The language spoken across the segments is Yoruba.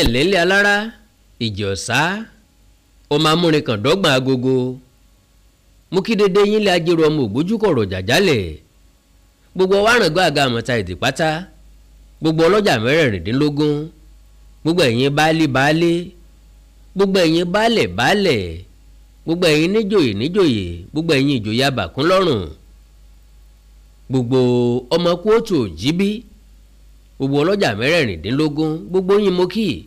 ẹ̀lẹ́lẹ́ alára ìjọ̀sá ọmọ amúrin kan dọ́gbọ̀n agogo mú kí dédé yín lé ajérò ọmọ ògbójúkọ̀rọ̀ jàjálẹ̀ gbogbo wàràǹgbà àga àmọ̀ta èdè pátá gbogbo ọlọ́jà mẹ́rẹ̀ẹ̀rìndínlógún gbogbo ẹ̀yin baálé baálé gbogbo ẹ̀yin baálẹ̀ baálẹ̀ gbogbo ẹ̀yin níjòyè níjòyè gbogbo ẹ̀yin ìjòyè abàkúnlọ́rùn gbogbo ọmọ gbogbo ọlọ́jà mẹ́rẹ̀ẹ̀rìndínlógún gbogbo yín mo kì í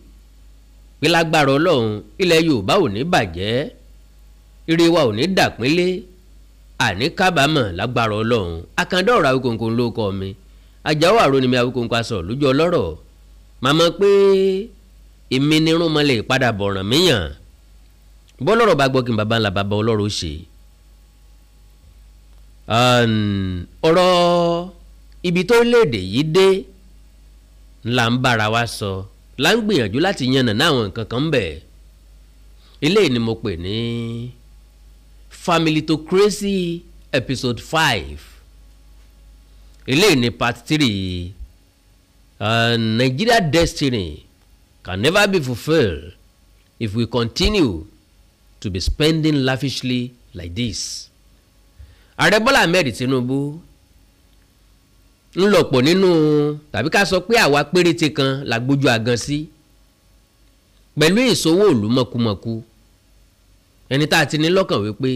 pé lágbára ọlọ́run ilẹ̀ yorùbá ò ní bàjẹ́ ire wa ò ní dàpínlẹ̀ àní kábàámọ̀ lágbára ọlọ́run àkàndá ọ̀rọ̀ awíkòǹkò ló kọ́ mi àjáwò àrònìmí awíkòǹkò aṣọ lójú ọlọ́rọ̀ màmá pé èmi ni irun mọ́lẹ̀ ìpadà bọ̀ràn míyàn bọ́lọ́rọ̀ bá gbọ́ kí n bàbá ńlá bàbá ọlọ́rọ̀ ṣe ọ̀rọ̀ ibi tó léde yìí dé là ń bára wa sọ là ń gbìyànjú láti yànnà náwọn nǹkan kan bẹ̀ eléyìí ni mo pè ní Familitocracy episode five eléyìí ni part three uh, Nigeria destiny can never be fulfilled if we continue to be spending lavishly like this. Ààrẹ Bọ́lá Ahmed Tinubu ńlọpọ̀ nínú tàbí ká sọ pé àwa péréte kan la gbójú àgan sí pẹ̀lú ìsowó òlú mọ̀kùmọ̀kù ẹni tá a ti ní lọ́kàn wípé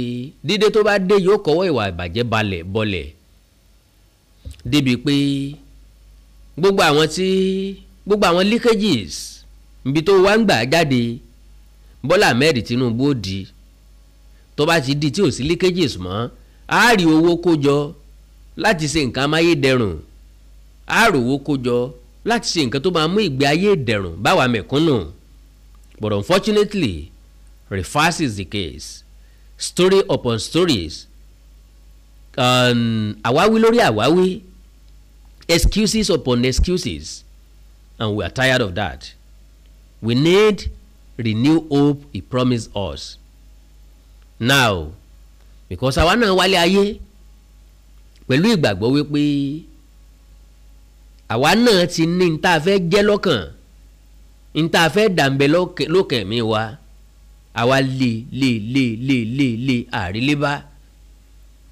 dídé tó bá dé yóò kọ́wọ́ ìwà ìbàjẹ́ balẹ̀ bọlẹ̀ débi pé gbogbo àwọn tí gbogbo àwọn leakages ibi tó wá ń gbà jáde Bọ́lá Ahmed Tinubu ó di tó bá ti di tí ò sí leakages mọ́ á rí owó kó jọ láti ṣe nǹkan amáyédẹrùn àròwó kójọ láti ṣe nǹkan tó máa mú ìgbé ayé ìdẹ̀rùn báwa mẹ̀kúnnù but unfortunately reverses the case story upon stories um, àwáwí lórí àwáwí excuses upon excuses and we are tired of that we need renew hope he promised us now because àwa náà wálé ayé pẹ̀lú ìgbàgbọ́ wípé àwa náà ti ní n tá a fẹ́ jẹ́ lọ́kàn n tá a fẹ́ dàmbẹ́ lókè mi wa àwa lè lè lè lè lè lè àrílébá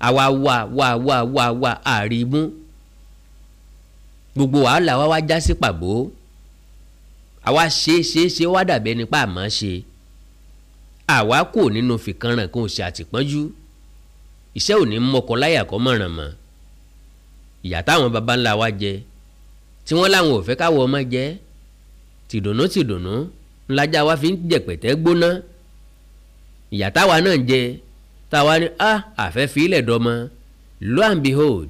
àwa wà wà wà wà wà àrímú gbogbo wàhálà wa wá já sí pàbó àwa ṣe ṣe ṣe wá dàbẹ́ nípa àmọ́ ṣe àwa kò nínú fìkanràn kò ṣe àtìpọ́njú iṣẹ́ ò ní mọ́kọ láyà kọ́ mọ̀ràn mọ́ ìyà táwọn baba ńlá wa jẹ́ tí wọ́n láwọn ò fẹ́ káwọ́ ọmọ jẹ́ tìdùnnú tìdùnnú ńlájà wa fi ń jẹ̀pẹ̀tẹ́ gbóná ìyà táwa náà ń jẹ táwa ní a àfẹ́ fi ilẹ̀ dọ́mọ lo and behold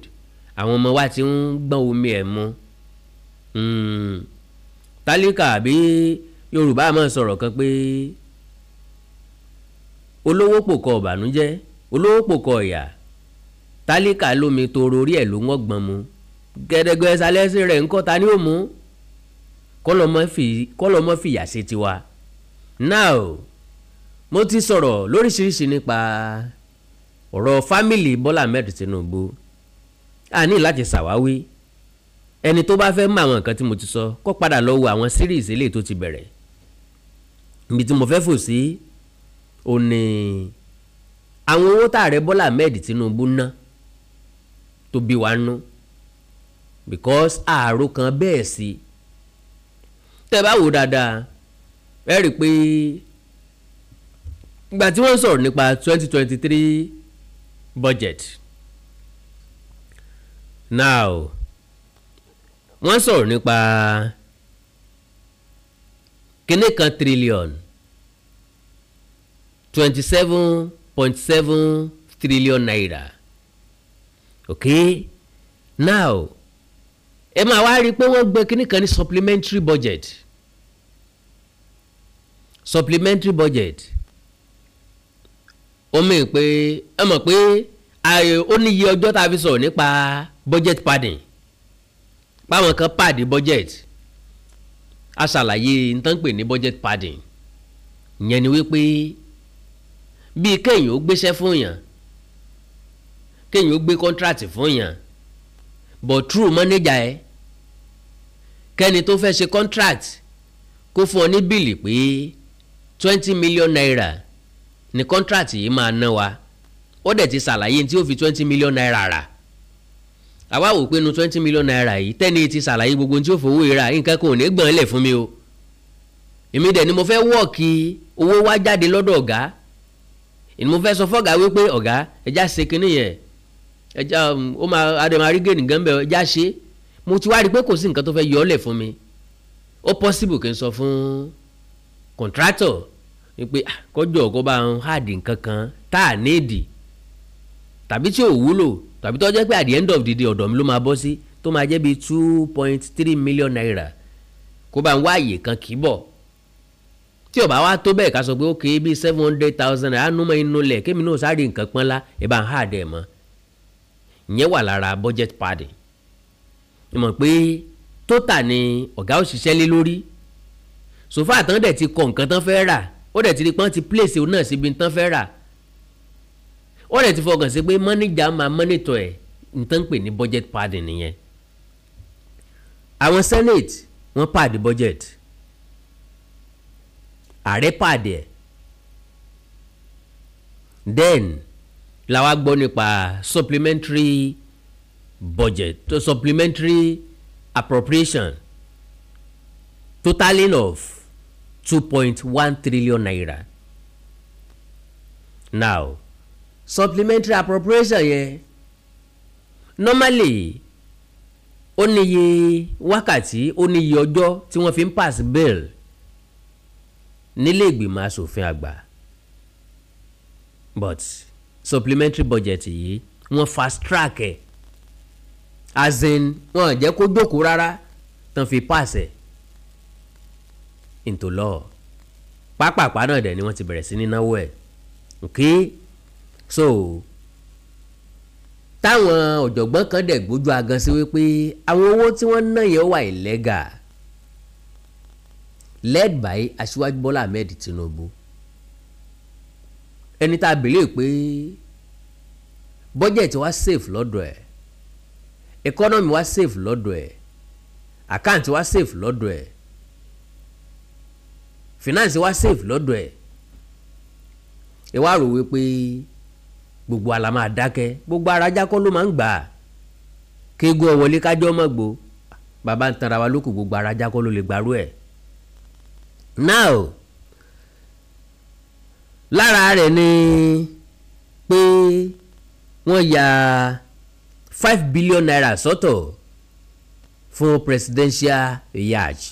àwọn ọmọ wa ti ń gbọ́n omi ẹ̀ mu hmm. tálíkà àbí Yorùbá máa sọ̀rọ̀ kan pé olówó pò kọ ọ̀bànújẹ́ olówó pò kọ ọ̀yà tálíkà lómi toro orí ẹ̀ ló ń wọ́gbọ́n mu gẹ́dẹ́gbẹ́ sálẹ́sì rẹ̀ ńkọ́ ta ni ó mú kọ́lọ́mọ́ fìyà ṣe tiwa now mo ti sọ̀rọ̀ lóríṣiríṣi nípa ọ̀rọ̀ fámìlì Bọ́lá Ahmed Tinubu a ní láti ṣàwáwí ẹni tó bá fẹ́ mọ àwọn nǹkan tí mo ti sọ kó padà lọ wo àwọn series eléyìí tó ti bẹ̀rẹ̀ ibi tí mo fẹ́ fò sí ò ní àwọn owó tààrẹ Bọ́lá Ahmed Tinubu ná tó bí wa nú. No because ààrò kan bẹ́ẹ̀ sí tẹ́ bá wò dáadáa ẹ rí i pé ìgbà tí wọ́n sọ̀rọ̀ nípa twenty twenty three budget now wọ́n sọ̀rọ̀ nípa kíní kan trillion twenty seven point seven trillion naira okay now ẹ máa wá rí i pé wọ́n gbé kinní kan ní supplementary budget supplementary budget ó mìíràn pé ẹ mọ̀ pé ó ní iye ọjọ́ tá a fi sọ̀rọ̀ nípa budget padding báwọn kan pàdé budget a ṣàlàyé nǹkan pè ní budget padding ìyẹn ni wípé bíi kéèyàn ó gbéṣẹ́ fún yàn kéèyàn ó gbé contract fún yàn but true manager ẹ kẹ́ni tó fẹ́ ṣe contract kó fún ọ ní bíìlì pé twenty million naira ni contract yìí máa ná wa ó dẹ̀ ti ṣàlàyé tí ó fi twenty million naira rà àwa wò pé nu twenty million naira yìí tẹ́ni ti ṣàlàyé gbogbo tí ó fowó ìra nǹkan kan ò ní gbọ̀n lẹ̀ fún mi o èmi dẹ̀ ni mo fẹ́ wọ́ọ̀kì owó wá jáde lọ́dọ̀ ọ̀gá ni mo fẹ́ sọ fọ́gà wípé ọ̀gá ẹja ṣe kinní yẹn ẹja um, ó máa adẹ́mọ arígè nìkan bẹ̀ ẹja ṣe mo ti wá rí i pé kò sí nǹkan tó fẹ́ yọ ọ́ lẹ̀ fún mi ó possible kí n sọ fún contractor pé ah, kọjọ kó bá ń háàdì nǹkan kan tá à nídìí tàbí tí ò wúlò tàbí tó pé at the end of the day ọ̀dọ̀ mi ló máa bọ́ sí tó máa jẹ́ bíi two point three million naira kó bá ń wá àyè kan kì í bọ̀ tí ó bá tó bẹ́ẹ̀ ká sọ pé ó kéé bíi seven hundred thousand naira ánúmọ̀ inú lẹ̀ kémi náà sáré nǹkan pọ́nlá ẹ̀ bá ń háàdì ẹ̀ mọ́ ìyẹn wà lára budget padding ìmọ̀ pé tótà ni ọ̀gá òṣìṣẹ́ lé lórí sòfà àtàn dẹ̀ ti kọ nǹkan tán fẹ́ rà ó dẹ̀ ti rí pọ́n ti pléèsì òun náà síbi tán fẹ́ rà ó dẹ̀ ti fọkàn sí pé mọ́nìjà máa mọ́nìtọ̀ ẹ̀ nǹkan pè ní budget padding nìyẹn àwọn senate wọ́n pàdé budget ààrẹ pàdé ẹ̀ then la wá gbọ́ nípa supplementary budget to supplementary appropriation totaling of two point one trillion naira now supplementary appropriation yẹn normally ó níye wákàtí ó níye ọjọ́ tí wọ́n fi ń pass bill nílé ìgbìmọ̀ asòfin àgbà but supplementary budget yìí wọ́n fast track ẹ̀ as in wọ́n jẹ́ kó jókòó rárá tán fi pass ẹ̀ into law pápápá náà dẹ̀ ni wọ́n ti bẹ̀rẹ̀ sí ní náwó ẹ̀ okay so táwọn ọ̀jọ̀gbọ́n kan dẹ̀ gbójú agan sí wípé àwọn owó tí wọ́n ná yẹn wà ìlẹ́gà led by aṣíwájú bọ́lá ahmed tinubu ẹni tá a bèlè pé bọ́jẹ̀tì wa safe lọ́dọ̀ ẹ̀ economy wa safe lọ́dọ̀ ẹ̀ account wa safe lọ́dọ̀ ẹ̀ finance wa safe lọ́dọ̀ ẹ̀ ẹ wá rò wípé gbogbo àlà máa dákẹ́ gbogbo ara jákọ́ ló máa ń gbà á kéegun ọ̀wọ́lé kájọ́ mọ̀ gbó bàbá ń tanra wa lókù gbogbo ara jákọ́ ló lè gbàrú ẹ̀ now lára rẹ̀ ni pé wọ́n ya five billion naira sọ́tọ̀ fún presidential yacht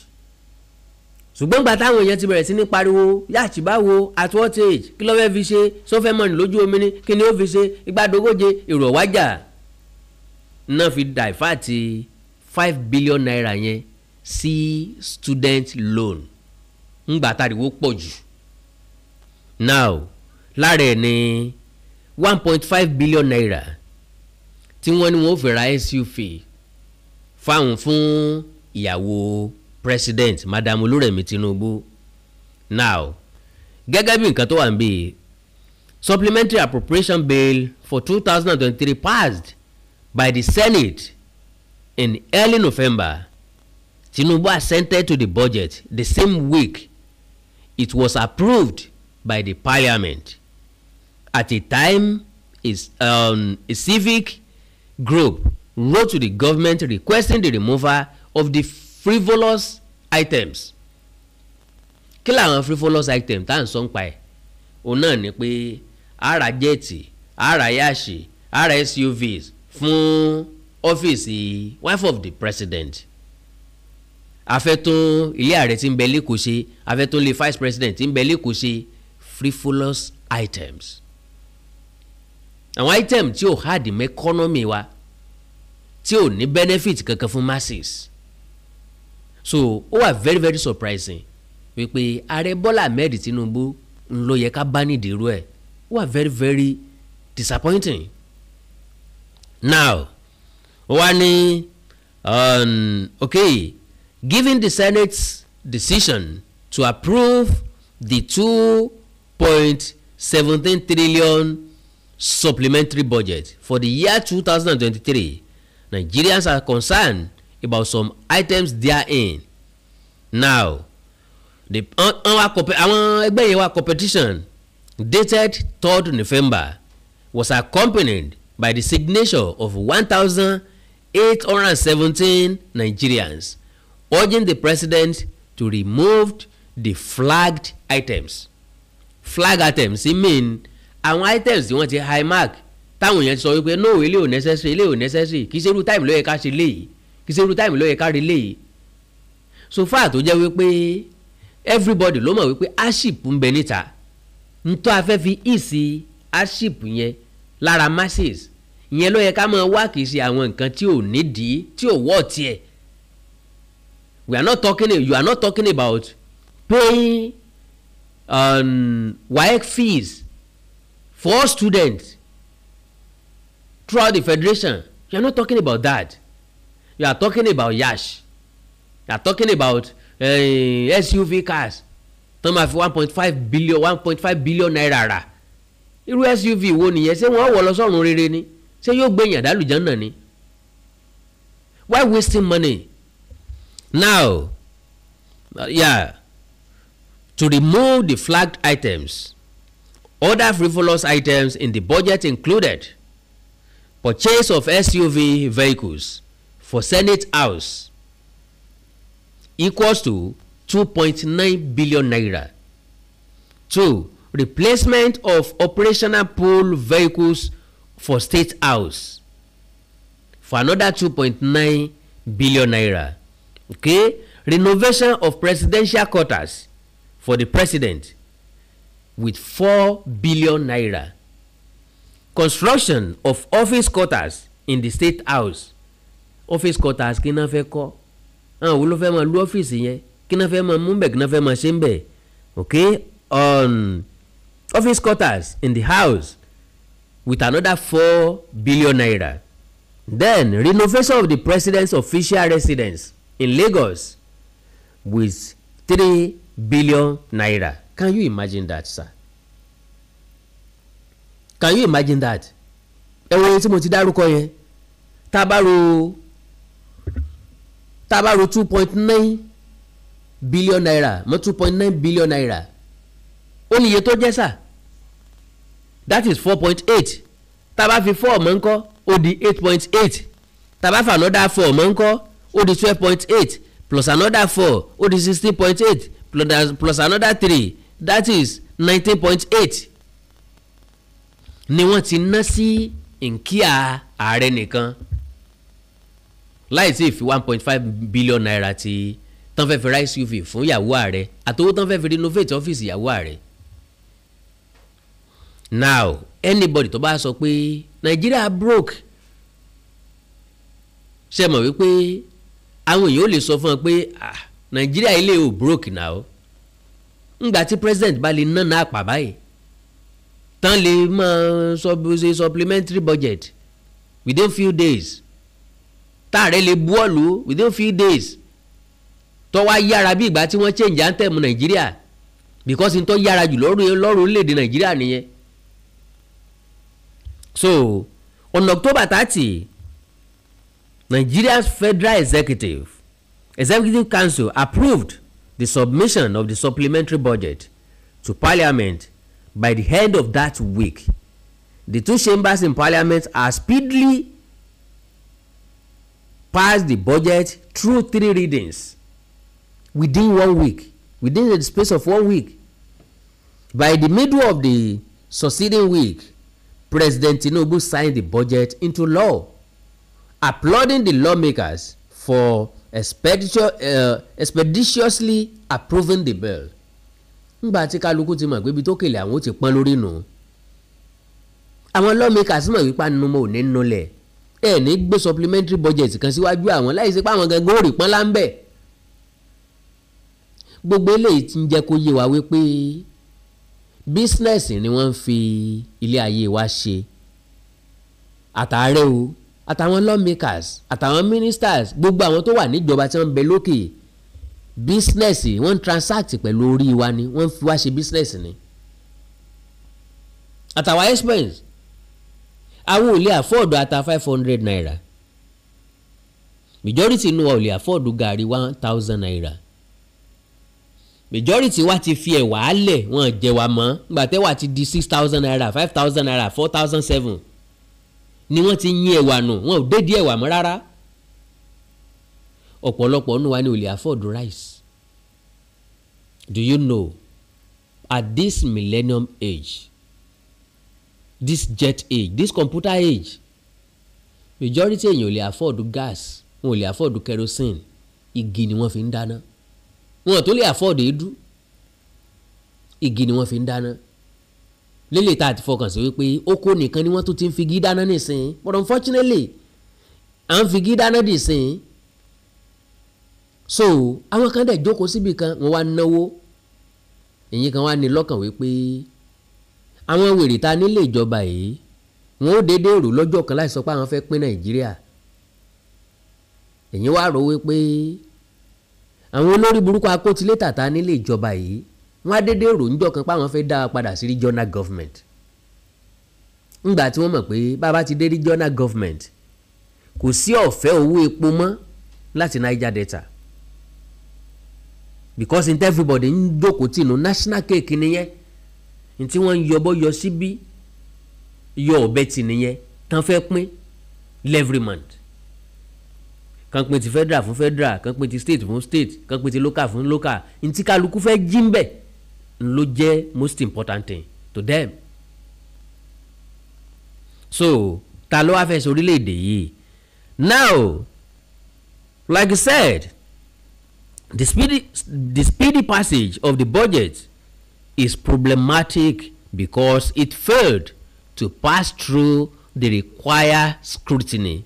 ṣùgbọ́n gbà táwọn èèyàn ti bẹ̀rẹ̀ sí ní pariwo yacht báwo at what age kí ló fẹ́ fi ṣe sọ́fẹ́ mọ́ni lójú omi ni kí ni ó fi ṣe igbádogóje èrò wájà náà fi dàìfáàtì five billion naira yẹn sí student loan ńgbà tariwo pọ̀ jù now lára ẹ̀ ní one point five billion naira tí wọ́n ní wọ́n fi ra SUV fáwọn fún ìyàwó president madam olúrẹ̀mí tinubu now gẹ́gẹ́ bí nǹkan tó wà ń bí supplementary appropriation bill for two thousand and twenty-three passed by the senate in early november tinubu assented to the budget the same week it was approved by the parliament at a time is um, a civic group wrote to the government requesting the removal of the frivolous items kí làwọn frivolous items tá à ń sọ ń pa ẹ̀ òun náà ni pé ara jẹ́ẹ̀tì ara yáàṣì ara SUVs fún ọ́fíìsì wife of the president afẹ́tún ilé ààrẹ tí ń bẹ lẹ́kọ̀ọ́ ṣe afẹ́tún ilé vice president tí ń bẹ lẹ́kọ̀ọ́ ṣe frivolous items àwọn item tí ò hard mọ́ economy wa tí ò ní benefit kankan fún masses so ó wà very very surprising wípé ààrẹ Bọ́lá Ahmed Tinubu ń ló yẹ ká bá nídìí irú ẹ̀ ó wà very very disappointing now ó wá ní um, okay given the Senate's decision to approve the two point seventeen trillion supplementary budget for the year two thousand and twenty-three Nigerians are concerned about some items therein now the uh, our ẹgbẹ́ yẹn wa competition dated third November was accompanied by the signature of one thousand eight hundred and seventeen Nigerians urging the president to remove the flagged items flag items main àwọn items tí wọ́n ti high mark táwọn èèyàn ti sọ wípé no ilé ò necessary ilé ò necessary kì í ṣerú time ló yẹ ká ṣe léyìí kì í ṣerú time ló yẹ ká rí léyìí so far tó jẹ́ wípé everybody ló mọ̀ wípé aship ń bẹ níta ntọ́ afẹ́ fi ìsì aship yẹn lára masses ìyẹn ló yẹ ká máa wá kì í ṣe àwọn nǹkan tí ò nídìí tí ò wọ́ tiẹ̀ we are not talking you are not talking about paying um, WAEC fees for students throughout the federation you are not talking about that you are talking about yash you are talking about uh, eh, suv cars tán máa fi one point five billion one point five billion naira rà irú suv wo nìyẹn ṣé wọ́n wọ̀ lọ sọ́run rere ni ṣé yóò gbé yàn náà ni why wasting money now uh, yeah to remove the flagged items. Other frivolous items in the budget included purchase of SUV vehicles for Senate House equals to 2.9 billion naira. 2. Replacement of operational pool vehicles for State House for another 2.9 billion naira. Okay. Renovation of presidential quarters for the president with four billion naira. Construction of office quarters in the state house. Office quarters kí náà fẹ́ kọ́. Àwọn wo ló fẹ́ máa lu ọ́fíìsì yẹn? Kí náà fẹ́ máa mú bẹ̀ kí náà fẹ́ máa ṣe ń bẹ̀? Okay, um, office quarters in the house with another four billion naira. Then renovation of the president's official residence in Lagos with three billion naira. Can you imagine that, sir? Can you imagine that? Ẹ wo tí mo ti dárúkọ yẹn tá a bá ro tá a bá ro two point nine billion naira mọ́ two point nine billion naira ó ní iye tó jẹ́ sà that is four point eight tá a bá fi four mọ́ ńkọ́ ó di eight point eight tá a bá fa another four mọ́ ńkọ́ ó di twelve point eight plus another four ó di sixteen point eight plus another three that is nineteen point eight ni wọ́n ti ná sí nkíà ààrẹ nìkan láì sí ìfi one point five billion naira ti tán fẹ́ fi ra SUV fún ìyàwó ààrẹ àtowó tán fẹ́ fi renovate ọ́fíìsì ìyàwó ààrẹ now anybody tó bá sọ pé Nigeria broke ṣe mọ̀ wípé àwọn èèyàn ò lè sọ fún ọ pé ah nàìjíríà ilé ò broke náà o ngbà tí president bá lè ná náà pà báyìí tán lè máa ṣe supplementary budget within few days táàrẹ lè bu ọ̀lú within few days tó wá yára bí ìgbà tí wọ́n change anthem nàìjíríà because ntọ́ yára jù lọ́rùn lọ́rùn orílẹ̀-èdè nàìjíríà nìyẹn so on october thirty nigeria's federal executive Executive Council approved the submission of the supplementary budget to Parliament by the end of that week. The two chambers in Parliament are speedily passed the budget through three readings within one week, within the space of one week. By the middle of the succeeding week, President Tinubu signed the budget into law, applauding the lawmakers for uh, expeditiously approving the bill ńgbà tí kálukú ti mọ̀ pé ibi tó kèlè àwọn ó ti pọ́n lórí nù àwọn lawmakers mọ̀ wípé anumọ̀ ò ní nulẹ̀ ẹ̀ ní gbé supplementary budget kan síwájú àwọn láì sí pé àwọn gangan ó rì pọ́n láńbẹ̀ gbogbo eléyìí ti ń jẹ́ kó yé wa wípé business ni wọ́n ń fi ilé ayé wa ṣe àtàárẹ̀ o àtàwọn lawmakers àtàwọn ministers gbogbo àwọn tó wà níjọba tí wọ́n ń bẹ lókè business wọ́n ń transact pẹ̀lú orí wa ni wọ́n ń fi wá ṣe business ni àtàwọn expense àwọn ò lè afford ata five hundred naira majority inú wa ò lè afford gàrí one thousand naira majority wa ti fi ẹ̀wà á lẹ̀ wọ́n jẹ wa mọ́ gbàtẹ́wà ti di six thousand naira five thousand naira four thousand seven ni wọ́n ti yín ẹ̀wà nù wọn ò dédí ẹ̀wà mọ́ rárá ọ̀pọ̀lọpọ̀ nù wa ni ò afford rice do you know at this millennium age this jet age this computer age majority èèyàn ò afford gas wọn ò afford kerosene igi ni wọ́n fi ń dáná wọn ò tó lè afford èédú igi ni wọ́n fi ń dáná lélẹ̀ tá a ti fọkàn sí wípé oko nìkan ni wọ́n tún ti ń figi dáná nìsín but unfortunately à ń figi dáná dìsín so àwọn kan dẹ̀ jókòó síbi kan wọ́n wá náwó èyí kan wá ní lọ́kàn wípé àwọn wèrè ta nílé ìjọba yìí wọn ó déédéé rò lọ́jọ́ kan láì sọ pé àwọn fẹ́ pín nàìjíríà èyí wá rò wípé àwọn olórí burúkú akótilétà ta nílé ìjọba yìí wọ́n á dédé ròǹjọ́ kan páwọn fẹ́ dá padà sí regional government ńgbà tí wọ́n mọ̀ pé bàbá ti dé regional government kò sí ọ̀fẹ́ owó epo mọ́ láti Niger Delta because n everybody ń jókòó tìǹú national cake nìyẹn n tí wọ́n ń yọbọ́ yọ síbí yọ ọ̀bẹ tì nìyẹn tán fẹ́ pín every month kan pín ti federal fún federal kan pín ti state fún state kan pín ti local fún local n tí kálukú fẹ́ jí ń bẹ̀ ló jẹ́ most important thing to them. so ta ló wá ṣe orílẹ̀-èdè yìí now like I said the speedy the speedy passage of the budget is problematic because it failed to pass through the required scrutiny.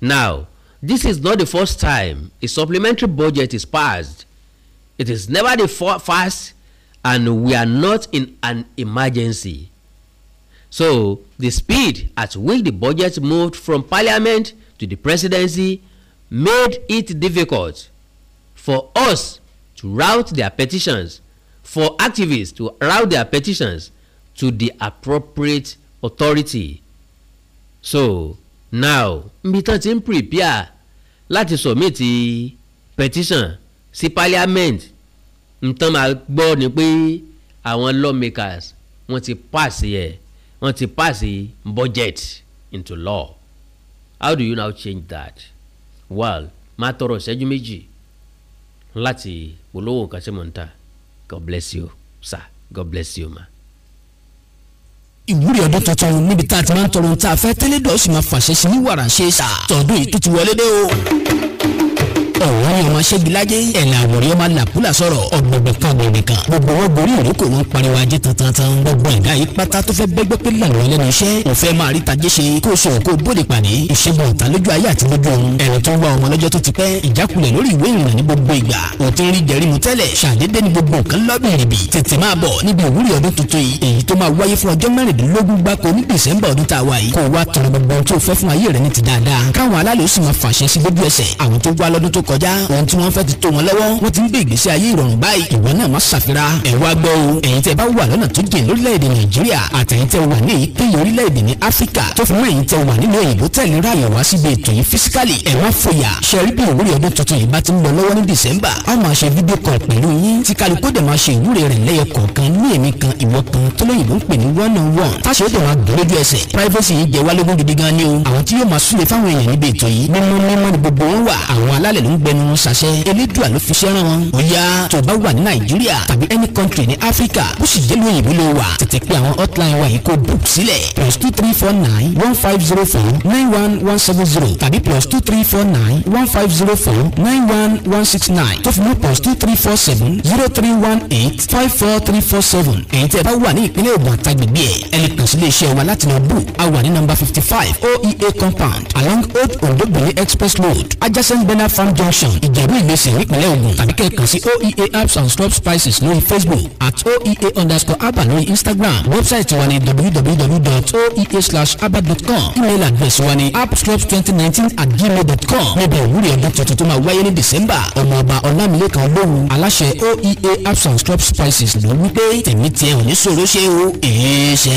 Now, this is not the first time a supplementary budget is passed it is never the first, and we are not in an emergency. So, the speed at which the budget moved from parliament to the presidency made it difficult for us to route their petitions, for activists to route their petitions to the appropriate authority. So, now nbi tán ti ń prepare láti submit petition sí parliament nǹkan máa gbọ́ ni pé àwọn lawmakers wọ́n ti pass ẹ̀ wọ́n ti pass budget into law how do you now change that well máa tọrọ ìṣẹ́jú méjì láti polówó nǹkan tí mo ń god bless you sir god bless you ma ìwúrí ọdún tuntun níbi tá a ti máa ń tọrọ ohun tá a fẹ́ tẹ́lẹ̀ dọ̀ọ́ máa fàṣẹ sí ní wàrà ṣe é sà tọdún yìí tó ti wọlé dé o ọ̀rọ̀ ni ọmọ ṣẹ́gi lájẹ́ ẹ̀là àwòrán ọmọ làkúlà sọ̀rọ̀ ọ̀gbọ̀gbẹ̀ kan gbẹ̀gbẹ̀ kan gbogbo wọn gorí ìrókò wọn pariwo ajé tantan gbogbo ẹ̀dá yìí pátá tó fẹ́ bẹ́gbẹ́ pé làwọn ẹlẹ́nu iṣẹ́ kò fẹ́ máa rí tajé ṣe kó sọ kó bóde pàdé ìṣẹ́gun ọ̀tá lójú ayé àti lójú ọ̀run ẹ̀rọ tó ń wá ọmọ lọ́jọ́ tó ti pẹ́ ìjákulẹ̀ lórí ìwé ìrìnnà ní gbogbo ìgbà òtún rí jẹ̀rímù tẹ́lẹ̀ ṣàdédé ní gbogbo nǹkan lọ́dún ìrìbì tètè máa bọ̀ níbi ìwúrí ọdún tuntun yìí èyí tó máa wáyé fún ọjọ́ mẹ́rìndínlógún gbáko ní dẹ̀sẹ̀mbà ọdún tá a wà yìí kó wá tọrọ gbogbo tó fẹ́ fún ayé rẹ̀ ní ti dáadáa káwọn alálòó sì máa fàṣẹ sí lójú ẹsẹ̀ àwọn tó wá lọ́dún tó k kọjá ohun tí wọ́n fẹ́ ti tó wọn lọ́wọ́ wọ́n ti ń gbé ìgbésí ayé ìrọ̀rùn báyìí ìwọ náà wọ́n ṣàfira ẹ̀ wá gbọ́ o ẹ̀yin tẹ́ bá wà lọ́nà tó jìn lórílẹ̀‐èdè nàìjíríà àtẹ̀yin tẹ́ wà ní èyíkéyìí orílẹ̀‐èdè ní áfíríkà tó fi mọ́ ẹ̀yin tẹ́ wà nínú òyìnbó tẹ̀lé ráàyè wá síbi ètò yìí físíkàlì ẹ̀ wá fòyà ṣẹ́rí bí ìwúrí ọdún tuntun yìí bá ti ń lọ lọ́wọ́ ní dìsẹ́mbà a máa ṣe fídíò kan pẹ̀lú yín tí kálukú dẹ̀ máa ṣe ìwúrí rẹ̀ lẹ́yọ kọ̀ọ̀kan ní èmi kan ìwọ kan tó lóyìnbó ń pè ní one on one táṣe ó dẹ̀ máa gbé lójú ẹsẹ̀ privacy yìí jẹ́ wálógún gidi gan ni o àwọn tí yóò máa súnlẹ̀ fáwọn èèyàn níbi ètò yìí mímú mímú ni gbẹnu wọn ṣàṣẹ elédùà ló fi ṣẹ́ràn wọn ó yá tó bá wà ní nàìjíríà tàbí any country ní áfíríkà bó sì yẹ lóyìn ìbílẹ̀ wa tètè pé àwọn hotline wa yìí kó book sílẹ̀ plus two three four nine one five zero four nine one one seven zero tàbí plus two three four nine one five zero four nine one one six nine tó fi mọ́ plus two three four seven zero three one eight five four three four seven èyí tẹ́ bá wà ní ìpínlẹ̀ Ògùn àtàgbègbè ẹ̀ ẹ̀ lè kàn sí iléeṣẹ́ wa láti lọ bù a wà ní number fifty five oea compound along old ondobele express road adjacent bena farm junction junction ìjẹ̀bú ìmẹ̀sìn nípínlẹ̀ Ògùn tàbí kẹ́ẹ̀kan sí oea herbs and stop spices lórí facebook at oea underscore herbal lórí instagram wẹ́bsáìtì wa ni www.oea/herbal.com email address wa ni appstrops2019 at gmail.com níbi ìwúrí ọdún tuntun tó máa wáyé ní december ọmọ ọba ọlámilẹ́kan olóhùn aláṣẹ oea apps and stop spices ló wí pé tèmi tiẹ̀ ò ní ṣòro ṣe o èé ṣe.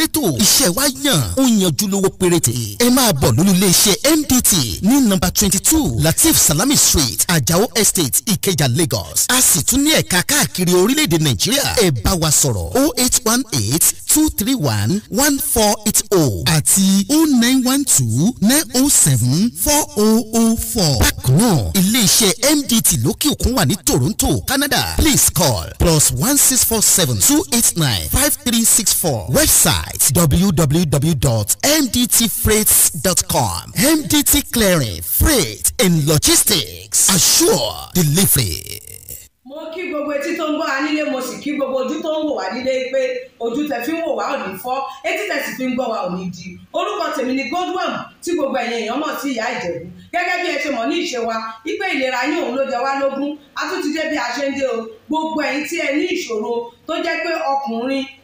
elétò iṣẹ́ wa yàn ó yanjú lówó péréte ẹ máa bọ̀ lólú iléeṣẹ́ MDT ní nọ́mbà twenty two Latif Salami Street Ajao Estate Ikeja Lagos a sì tún ní ẹ̀ka káàkiri orílẹ̀-èdè Nàìjíríà ẹ bá wa sọ̀rọ̀ o oh eight one eight two three one one four eight oh àti o oh nine one two nine oh seven four oh oh four. bákan náà iléeṣẹ́ MDT lókè òkun wà ní Toronto Canada please call plus one six four seven two eight nine five three six four website website www.mdtfreights.com. MDT Clearing, Freight and Logistics. Assure delivery. mo kí gbogbo etí tó ń gbọ́ wa mo sì kí gbogbo ojú tó ń wò wá nílé pé ojú tẹ fi ń wò wá ò ní fọ́ etí tẹ sì fi ń gbọ́ wa ò ní di orúkọ tèmi ni Godwin tí gbogbo ẹ̀yin èèyàn mọ̀ sí ìyá Ìjẹ̀bú gẹ́gẹ́ bí ẹ ṣe mọ̀ ní ìṣe wa ipe ìlera yín òun ló jẹ wá lógún a tún ti dé bí a ṣe ń dé o gbogbo ẹ̀yin tí ẹ ní ìṣòro tó jẹ́ pé ọkùnrin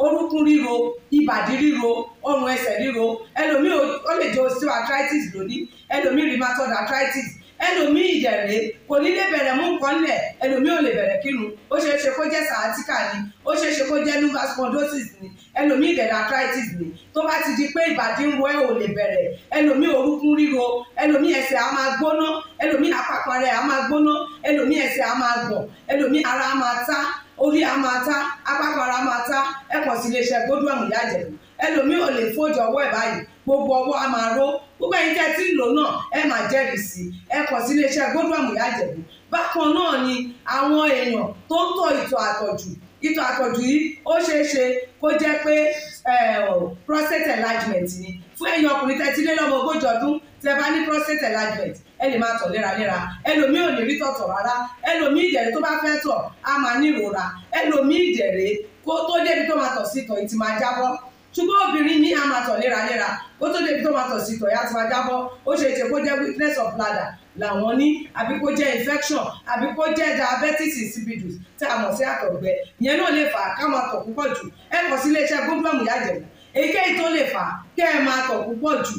orúnkún ríro ìbàdí ríro ọrùn ẹsẹ̀ ríro ẹlòmíì ó lè jẹ́ osteoarthritis lónìí ẹlòmíì rheumatoid arthritis ẹlòmíì ìjẹ̀rẹ̀ kò ní lè bẹ̀rẹ̀ mú nǹkan lẹ̀ ẹlòmíì ò lè bẹ̀rẹ̀ kírun ó ṣeé ṣe kó jẹ́ sciatica ni ó ṣeé ṣe kó jẹ́ lumbar ni ẹlòmíì ìdẹ̀rẹ̀ arthritis ni tó bá ti di pé ìbàdí ń wọ ẹ̀ ò lè bẹ̀rẹ̀ ẹlòmíì orúkún ríro ẹlòmíì ẹsẹ̀ á máa gbóná ẹlòmíì àpapọ̀ rẹ̀ á máa gbóná ẹlòmíì ẹsẹ̀ á máa gbọ̀n ẹlòmíì ara á máa tá orí a máa ta apákọ̀ọ́ra a máa ta ẹ̀pọ̀ sí iléeṣẹ́ gbódúrà mùyá àjẹ̀bù ẹlòmíì ò lè fojú ọwọ́ ẹ̀ báyìí gbogbo ọwọ́ a máa ró gbogbo ẹ̀yin tẹ́ ti ń lò náà ẹ máa jẹ́rìí sí ẹ̀pọ̀ sí iléeṣẹ́ gbódúrà mùyá àjẹ̀bù bákan náà ni àwọn èèyàn tó ń tọ̀ ìtọ̀ àtọ̀jù ìtọ̀ àtọ̀jù yìí ó ṣeé ṣe kó jẹ́ pé prostate enlargement ni fún ẹ̀yin ọkùnrin tẹ́ ti lé lọ́mọ ogójì ọdún tẹ́ bá ní prostate enlargement ẹ lè máa tọ̀ léraléra ẹlòmíì ò ní rí tọ̀tọ̀ rárá ẹlòmíì ìjẹ̀rẹ̀ tó bá fẹ́ tọ̀ á máa ní ìrora ẹlòmíì ìjẹ̀rẹ̀ kó tó débi tó máa tọ̀ sí tọ̀ ìtì máa jábọ́ ṣùgbọ́n obìnrin ní a máa tọ̀ léraléra kó tó débi tó máa tọ̀ sí tọ̀ ìyá ti máa jábọ́ ó ṣe é ṣe kó jẹ́ weakness of bladder làwọn ní àbí kó jẹ́ infection àbí kó jẹ́ diabetes insipidus tí a mọ̀ sí àtọ̀gbẹ ìyẹn náà lè fà ká máa tọ̀ púpọ̀ jù ẹ kàn sí iléeṣẹ́ gómìnà ìyá àjẹmọ́ èyíkéyìí tó lè fà kẹ́ ẹ máa tọ̀ púpọ̀ jù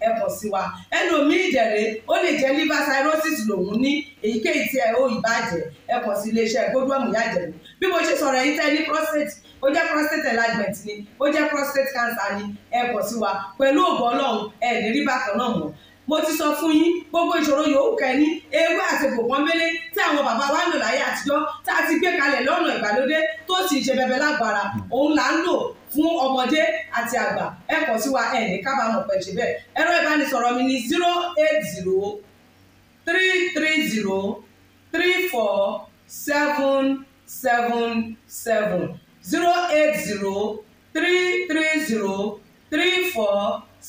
ẹ kàn sí wa ẹlòmíì ìjẹ̀rẹ̀ ó lè jẹ́ liver cirrhosis lòun ní èyíkéyìí tí ẹ ó ìbàjẹ́ ẹ kàn sí iléeṣẹ́ gbódúọ̀mù yájẹ̀rẹ̀ bí mo ṣe sọ̀rọ̀ yìí tẹ́ prostate ó jẹ́ prostate enlargement ni ó jẹ́ prostate cancer ni ẹ kàn sí wa pẹ̀lú ògbọ́ ọlọ́run ẹ ní rí bákan náà mọ́ mo ti sọ fún yín gbogbo ìṣòro yòówù kẹ́ni ewé àti gbòǹkan mélé tí àwọn bàbá wa ń lò láyé àtijọ́ tá a ti gbé kalẹ̀ lọ́nà ìgbàlódé tó sì ṣe bẹbẹ lágbára òun là ń lò fún ọmọdé àti àgbà ẹ kàn sí wa ẹ ní kábàámọ̀ pẹ̀ ṣe bẹ́ẹ̀ ẹ̀rọ ìbánisọ̀rọ̀ mi ni zero eight zero three three zero three four seven seven seven zero eight zero three three zero three four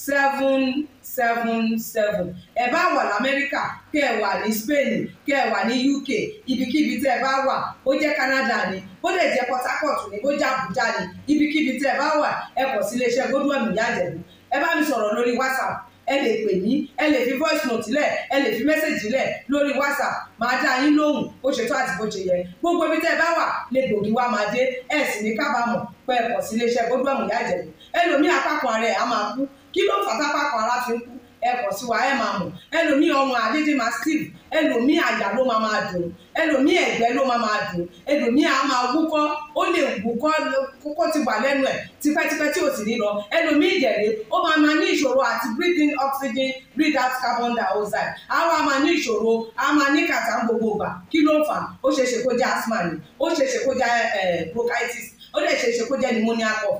seven seven seven ẹ bá wà lamẹ́ríkà kẹ́ ẹ wà ní spain kẹ́ ẹ wà ní uk ibikíbi tẹ́ ẹ bá wà bó jẹ́ canada ni bó lè jẹ́ port harcourt ni bó jẹ́ abuja ni ibikíbi tẹ́ ẹ bá wà ẹ kọ̀ sí iléeṣẹ́ godwin ìyájẹ̀bù ẹ bá mi sọ̀rọ̀ lórí whatsapp ẹ lè pè mí ẹ lè fi voice note lẹ̀ ẹ lè fi message lẹ̀ lórí whatsapp màá dá yín lóhùn bó ṣe tó àti bó ṣe yẹ gbogbo ibi tẹ́ ẹ bá wà lè gbòógì wá máa dé ẹ sì ní kábàámọ̀ pé ẹ kọ̀ sí iléeṣẹ́ godwin ìyájẹ̀bù ẹlòmíì apákan ara ẹ̀ á máa kú kí ló fà tápá kan ara fi ń kú ẹ kọ̀ sí wa ẹ máa mọ̀ ẹlòmíì ọmọ àdédé máa steve ẹlòmíì àyà ló máa máa dùn ẹlòmíì ẹ̀gbẹ́ ló máa máa dùn ẹlòmíì á máa wúkọ́ ó lè wúkọ́ kókó ti wà lẹ́nu ẹ̀ tipẹ́tipẹ́ tí ò sì ní lọ ẹlòmíì ìjẹ̀lẹ̀ ó máa máa ní ìṣòro àti breathe in oxygen breathe out carbon dioxide á wá máa ní ìṣòro á máa ní kàtà ń gbogbo ìgbà kí ló fà ó ṣeéṣe kó jẹ́ asthma ni ó ṣeéṣe kó jẹ́ eh, bronchitis ó lè ṣeéṣe kó jẹ́ pneumonia cough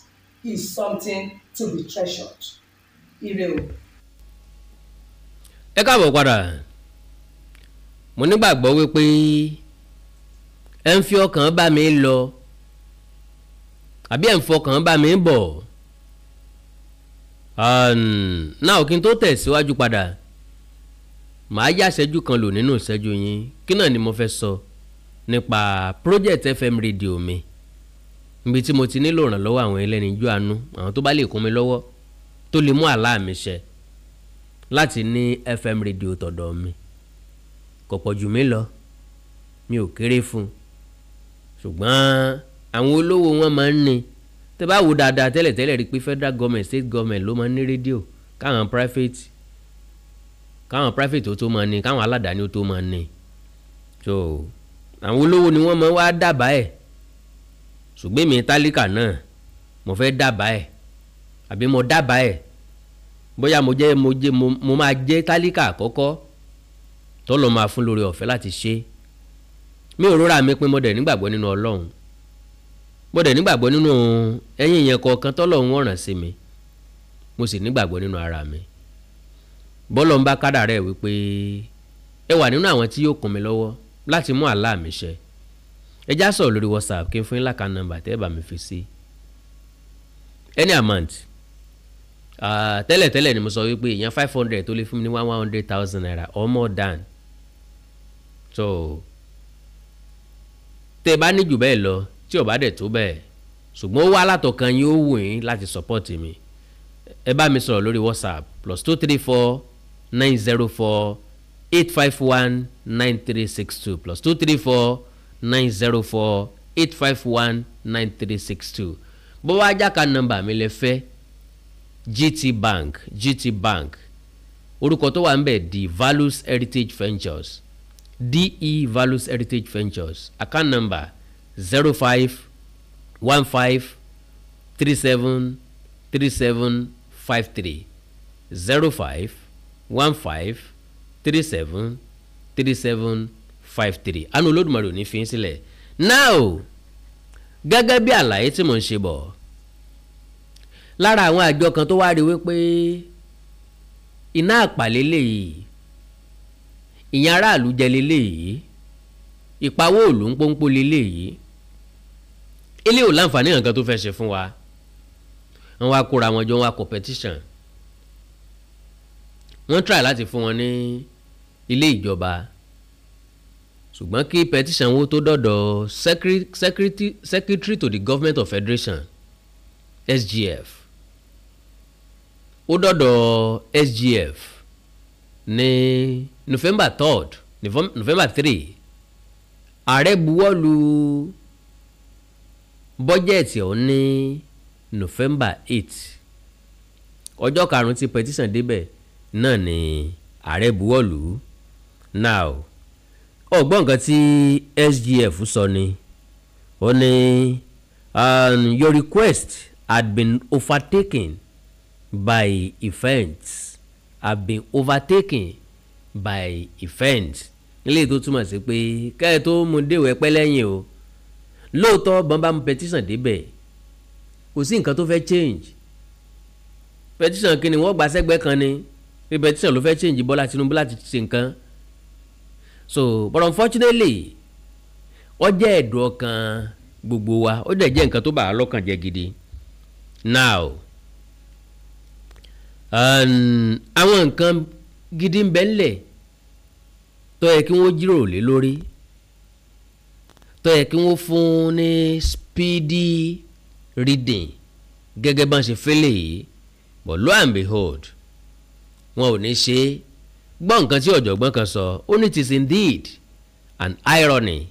is something to be treasured. Ire o. Ẹ káàbọ̀ padà, mo nígbàgbọ́ wípé ẹ ń fi ọkàn bá mi lọ àbí ẹ ń fọkàn bá mi bọ̀. Náà kí n tó tẹ̀síwájú padà, màá yá ṣẹ́jú kan lò nínú ìṣẹ́jú yín, kí náà ni mo fẹ́ sọ nípa Project FM rédíò mi níbi tí mo ti nílò ìrànlọ́wọ́ àwọn ẹlẹ́nijọ́ àánú àwọn tó bá lè kún mi lọ́wọ́ tó lè mú àlá mi ṣẹ láti ní FM rédíò tọ̀dọ̀ mi kò pọ̀ jù mí lọ mi ò kéré fún un ṣùgbọ́n àwọn olówó wọn máa ń ní tẹ bá wò dáadáa tẹ́lẹ̀tẹ́lẹ̀ rí pé federal government state government ló máa ń ní rédíò káwọn private káwọn private ó tó máa ní káwọn aládàáni ó tó máa ní so àwọn olówó ni wọ́n máa ń wá dábàá ẹ̀ ṣùgbọ́n èmi tálíkà náà mo fẹ́ dábàá ẹ̀ àbí mo dábàá ẹ̀ bóyá mo jẹ́ mo jẹ́ mo máa jẹ́ tálíkà àkọ́kọ́ tọ́lọ́ máa fún lórí ọ̀fẹ́ láti ṣe mi ò rọra mi pin mo dẹ̀ nígbàgbọ́ nínú ọlọ́run mo dẹ̀ nígbàgbọ́ nínú ẹ̀yìn yẹn kọ̀ọ̀kan tọ́lọ́run ọ̀ràn sí mi mo sì nígbàgbọ́ nínú ara mi bọ́lọ̀ ń bá kádà rẹ̀ wípé ẹ wà nínú àwọn tí yóò kún mi lọ́wọ́ láti mú àlá mi ṣẹ ẹ já sọ̀rọ̀ lórí whatsapp kí n fún yín láka nọ́mbà tẹ́ ẹ bá mi fi sí any amount tẹ́lẹ̀ tẹ́lẹ̀ ni mo sọ wípé èèyàn five hundred tó lè fún mi ní one one hundred thousand naira or more than so tẹ́ ẹ bá ní jù bẹ́ẹ̀ lọ tí ò bá dẹ̀ tó bẹ́ẹ̀ ṣùgbọ́n ó wá látọ̀kan yín ó wù yín láti support mi ẹ bá mi sọ̀rọ̀ lórí whatsapp plus two three four nine zero four eight five one nine three six two plus two three four nine zero four eight five one nine three six two bó wá jáka nọ́mbà mi lè fẹ́ GT Bank GT Bank orúkọ tó wà ń bẹ̀ di Values Heritage Ventures DE Values Heritage Ventures account number zero five one five three seven three seven five three zero five one five three seven three seven five three àánú olódùmarè ò ní fi sílẹ̀ now gẹ́gẹ́ bí àlàyé tí mò ń ṣe bọ̀ lára àwọn àjọ kan tó wá rí wípé iná àpàlẹ́ léyìí ìyẹn aráàlú jẹ léléyìí ìpawó òòlù ń pọ́npọ́ léléyìí ilé ò láǹfààní nǹkan tó fẹ́ ṣe fún wa wọ́n wá kóra wọn jọ wọ́n wá competition wọ́n try láti fún wọn ní ilé ìjọba ṣùgbọ́n kí petition wo tó dọ̀dọ̀ secretary to the government of federation SGF ó dọ̀dọ̀ SGF ní November third November three ààrẹ buwọ́lu bọ́jẹ̀tì ọ̀hún ní November eight ọjọ́ karùn-ún tí petition débẹ̀ náà ni ààrẹ buwọ́lu now ọgbọ́n nǹkan tí sgf sọ ni ó ní um, your request had been overtaken by events had been overtaken by events ilé tó túmọ̀ sí pé kẹ́ẹ̀ tó mú déwọ̀ ẹpẹ́ lẹ́yìn o lóòótọ́ bọ́n bá petition débẹ̀ kò sí nǹkan tó fẹ́ change petition kí ni wọ́n gbà sẹ́gbẹ́ kan ni petition ló fẹ́ change Bọ́lá Tinubu láti ṣe nǹkan so but unfortunately ó jẹ́ ẹ̀dùn ọkàn gbogbo wa ó dẹ̀ jẹ́ nǹkan tó bà á lọ́kàn jẹ́ gidi now um, àwọn nǹkan gidi ń bẹ ńlẹ̀ tó yẹ kí wọ́n jíròrò lé lórí tó yẹ kí wọ́n fún ní speedy reading gẹ́gẹ́ bá ń ṣe fẹ́lẹ̀ yìí but lo and behold wọn ò ní ṣe é gbọ́ nǹkan tí ọ̀jọ̀gbọ́n kan sọ ó ní it is indeed an irony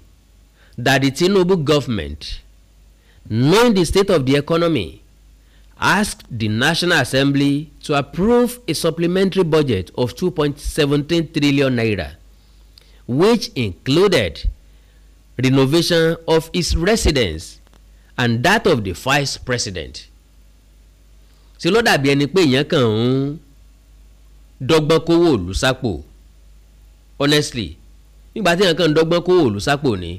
that the Tinubu government knowing the state of the economy asked the National Assembly to approve a supplementary budget of 2.17 trillion naira which included renovation of his residence and that of the vice president. ṣe ló dàbí ẹni pé èèyàn kàn ń dọ́gbọ́n kówó òlù sápò honestly nígbà tí nǹkan dọ́gbọ́n kówó òlù sápò ni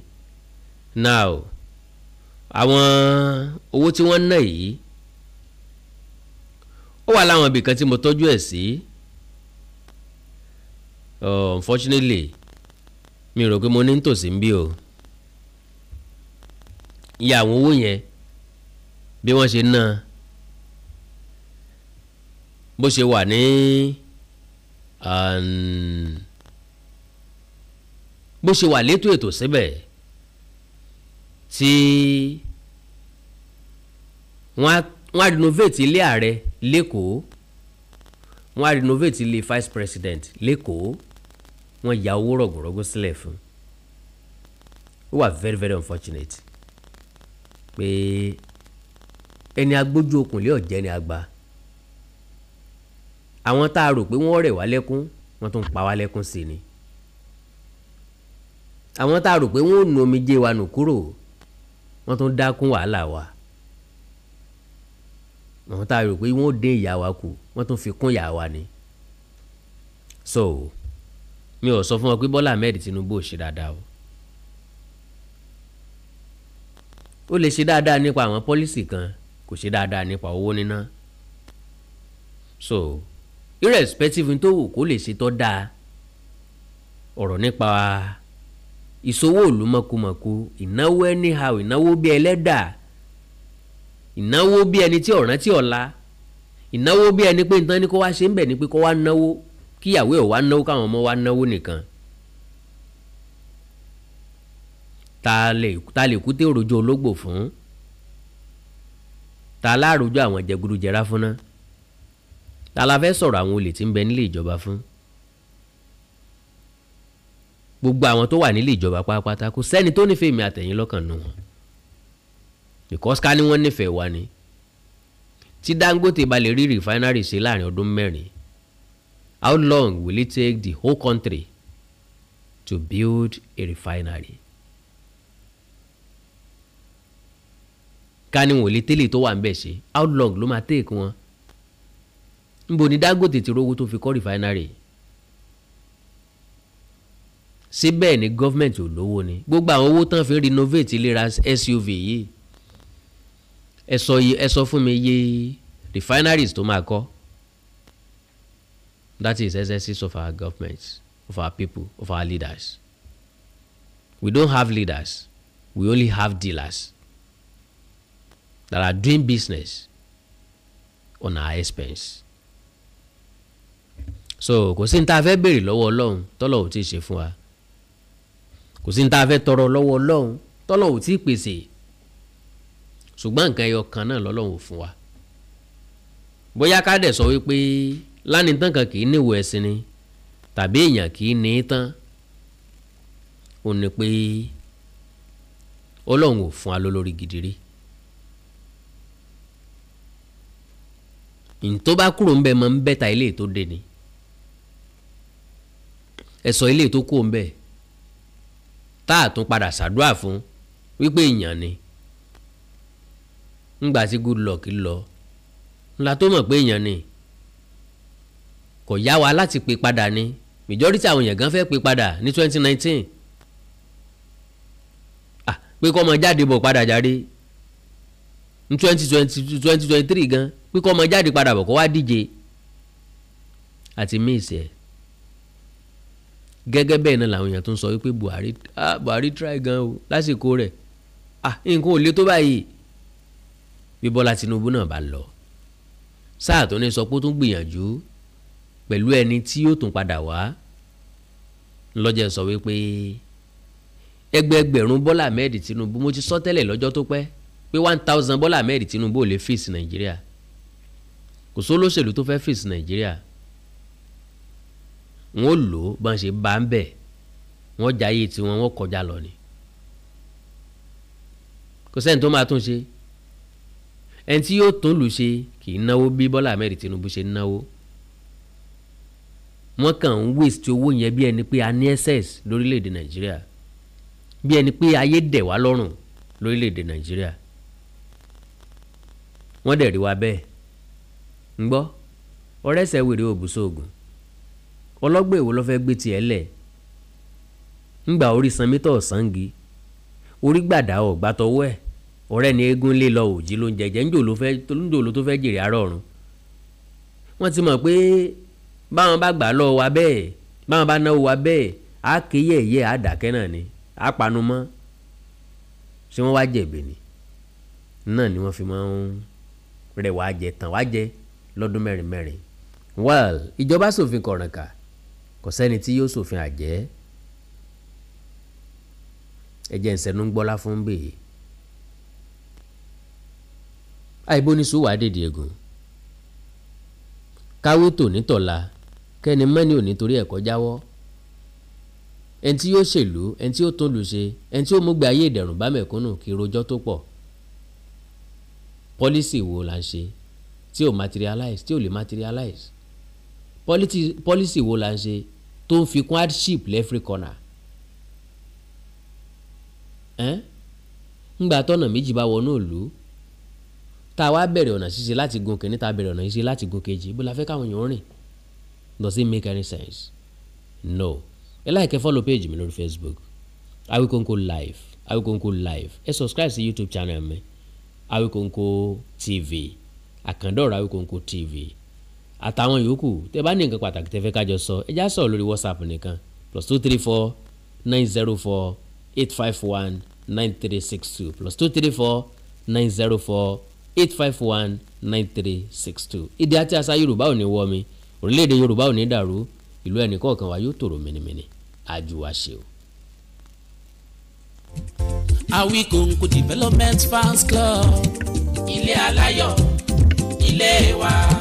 now àwọn owó tí wọ́n ń ná yìí ó wà láwọn ibì tí mo tọ́jú ẹ̀ sí oh, unfortunately mi rò pé mo ní nítòsí ń bí o iye àwọn owó yẹn bí wọ́n ṣe ná bó ṣe wà ní. Ni bó ṣe wà létò ètò síbẹ̀ tí wọ́n á renovate ilé ààrẹ lẹ́kọ̀ọ́ wọ́n á renovate ilé vice president lẹ́kọ̀ọ́ wọ́n ya owó rọ̀gùrọ̀gù sílẹ̀ fún ó wà very very unfortunate pé ẹni agbójú okùn lé ọ̀jẹ̀ ni àgbà àwọn tá a rò pé wọ́n rẹ̀ wá lẹ́kún wọ́n tún pa wá lẹ́kún sí ni àwọn tá a rò pé wọ́n ò nu omijé wa nù kúrò wọ́n tún dákún wàhálà wa àwọn tá a rò pé wọ́n ò dín ìyà wa kù wọ́n tún fi kún ìyà wa ni so mi ò sọ fún wọn pé Bọ́lá Ahmed Tinubu ò ṣe dáadáa o ó lè ṣe dáadáa nípa àwọn pọ́lísì kan kò ṣe dáadáa nípa owó níná so irrespective tó wù kó lè ṣe ọrọ nipa ọ̀rọ̀ nípa ìṣòwò ìlú ìnáwó anyhow ìnáwó bí ẹlẹ́dà ìnáwó bí ẹni tí ọ̀ràn tí ọ̀la ìnáwó bí ẹni pé nǹkan ni kó wá ṣe ń bẹ̀ ni pé kó wá náwó kíyàwó ẹ̀ wá náwó káwọn ọmọ wá náwó nìkan. ta lè ta lè kúté òròjò ológbò fún ta láròjò àwọn jẹgúdújẹrá ta la àwọn olè tí ń bẹ nílé ìjọba fún gbogbo àwọn tó wà nílé ìjọba pátápátá kò sẹ́ni tó nífẹ̀ẹ́ mi àtẹ̀yìn lọ́kàn nù wọn because ká ní wọ́n nífẹ̀ẹ́ wa ni tí Dangote bá lè rí refinery ṣe láàrin ọdún mẹ́rin how long will it take the whole country to build a refinery ká ní wọn ò lè tẹ́lẹ̀ tó wà ń bẹ̀ ṣe how long ló máa take wọn níbo ni Dangote ti rówó tó fi kọ́ rìfáínárì síbẹ̀ ni gọ́fìmẹ̀ntì ò lówó ni gbogbo àwọn owó tán fi renovate ìlera SUV yìí ẹ sọ ẹ sọ fún mi yé refineries tó máa kọ́ that is excesses of our government of our people of our leaders we don't have leaders we only have dealers that are doing business on our expense so kò sí ní ta fẹ́ béèrè lọ́wọ́ ọlọ́run tọ́lọ̀ ò tí ì ṣe fún wa kò sí ní ta fẹ́ tọrọ lọ́wọ́ ọlọ́run tọ́lọ̀ ò tí ì pèsè ṣùgbọ́n nǹkan ẹyọ kan náà lọ́lọ́run ò fún wa bóyá ká dẹ̀ sọ wípé lánìtàn kan kì í níwò ẹ̀sìn ni tàbí èèyàn kì í ní í tán ó ní pé ọlọ́run ò fún alólórí gidi rí ntó bá kúrò ń bẹ mọ́ ń bẹ́ta ilé tó dé ni ẹ̀sọ́ ilé tó kù ńbẹ̀ tá a tún padà ṣàdúrà fún wípé èèyàn ni ńgbà tí Goodluck lọ ńlá tó mọ̀ pé èèyàn ni kò yá wa láti pè padà ni majority àwọn èèyàn gan fẹ́ pè padà ní 2019 ah pé kọ́ ọmọ jáde bọ̀ padà jáde ní 2020 2023 gan pé kọ́ ọmọ jáde padà bọ̀ kó wá díje àti míìsì ẹ̀ gẹ́gẹ́ bẹ́ẹ̀ náà làwọn èèyàn tó ń sọ wípé Buhari ah Buhari try gan o lásìkò rẹ̀ ah nǹkan ò le tó báyìí bí Bọ́lá Tinubu náà bá lọ sáà tó ní sọ pé ó tún gbìyànjú pẹ̀lú ẹni tí yóò tún padà wá lọ́jọ́ sọ wípé ẹgbẹẹgbẹ̀rún Bọ́lá Ahmed Tinubu mo ti sọ tẹ́lẹ̀ lọ́jọ́ tó pẹ́ pé one thousand Bọ́lá Ahmed Tinubu ò lè fèsì Nàìjíríà kò sólóṣèlú tó fẹ́ fèsì Nàìjíríà wọ́n lò ó bá ń ṣe bá ń bẹ̀ wọ́n jayé tiwọn wọ́n kọjá lọ ni kò sẹ́ni tó máa tún ṣe ẹni tí yóò tún lù ṣe kì í náwó bí Bọ́lá Ahmed Tinubu ṣe náwó wọ́n kàn ń waste owó yẹn bí ẹni pé a ní excess lórílẹ̀‐èdè Nàìjíríà bí ẹni pé ayé dẹ̀ wá lọ́rùn lórílẹ̀‐èdè Nàìjíríà wọ́n dẹ̀ rí wa bẹ́ẹ̀ ń gbọ́ ọ̀rẹ́sẹ̀ wèrè òbùsọ̀ ọlọ́gbọ́n èwo ló fẹ́ gbé tiẹ̀ lẹ̀ ńgbà orí sanmi tó sangi orí gbàdá ọ̀gbà tọwọ́ ẹ̀ ọ̀rẹ́ ni eégún lé lọ òjì ló ń jẹjẹ ńjò ló tó fẹ́ jèrè ará ọ̀run wọ́n ti mọ̀ pé báwọn bá gbà lọ́wọ́ wa bẹ́ẹ̀ báwọn bá náwó wa bẹ́ẹ̀ á kéyẹ̀ yẹ àdàkẹ́ náà ni á panu mọ́ ṣé wọ́n wá jẹ̀bi ni náà ni wọ́n fi máa ń rẹ̀ wá jẹ tàn wá jẹ lọ́dún mẹ́rin mẹ́rin well ìjọba ṣòfin kọ̀ọ̀ràn kò sẹ́ni tí yóò ṣòfin àjẹ́ ẹ̀jẹ̀ ìṣẹ́nu ń gbọ́lá fún bèè àìbónisù wàá dèdè ègùn káwé tònítọ̀la kẹ́ni mẹ́ni ò nítorí ẹ̀kọ́ jáwọ́ ẹni tí yóò ṣèlú ẹni tí yóò tún lù ṣe ẹni tí yóò mú gbé ayé ìdẹ̀rùn bá mẹ̀kúnnù kí rojọ́ tó pọ̀ pọ́lísì wo la ń ṣe tí ò materialize tí ò lè materialize pọ́lísì wo la ń ṣe tó ń fi kún hardship lẹ́fírí kọ́nà ńgbà tọ́nà méjì bá wọnú òlu tá a wá bẹ̀rẹ̀ ọ̀nà ṣíṣe láti gun kìíní tá a bẹ̀rẹ̀ ọ̀nà ṣíṣe láti gun kejì bó la fẹ́ káwọn èèyàn rìn does it make any sense no ẹ láìkẹ́ follow page mi lórí facebook awikonko live awikonko live ẹ subscribe sí youtube channel mi awikonko tv àkàndọ̀rọ̀ awikonko tv àtàwọn yòókù tẹ́ bá ní nǹkan pàtàkì tẹ́ fẹ́ kájọ sọ ẹ já sọ lórí whatsapp nìkan plus two three four nine zero four eight five one nine three six two plus two three four nine zero four eight five one nine three six two ìdí àti àṣà yorùbá ò ní wọ́ mi orílẹ̀-èdè yorùbá ò ní dàrú ìlú ẹnìkọ̀ọ̀kan wa yóò tòrò mìnìmìnì àjù wa ṣe o. Awikonko development fans club ilé aláyọ̀ ilé wa.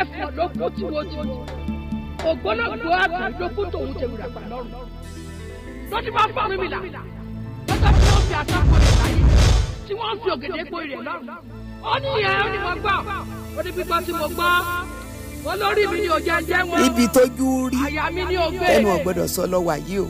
ẹ̀fọ́ ló tí wo ti ògbólógbò àgbẹ̀ ló kú tòun tẹ̀wù ràpà lọ́rùn lọ́dún bá fọ́ mi là lọ́dún tí wọ́n fi àtàkùn rẹ̀ láyé tí wọ́n fi ògèdè gbòó rẹ̀ lọ́rùn ó ní ó ní mo gbà ó ní pípa tí mo gbọ́ wọn lórí mi ni òjá jẹ́ wọn ibi tójú rí ẹnu ò gbọ́dọ̀ sọ lọ́wọ́ ayé o.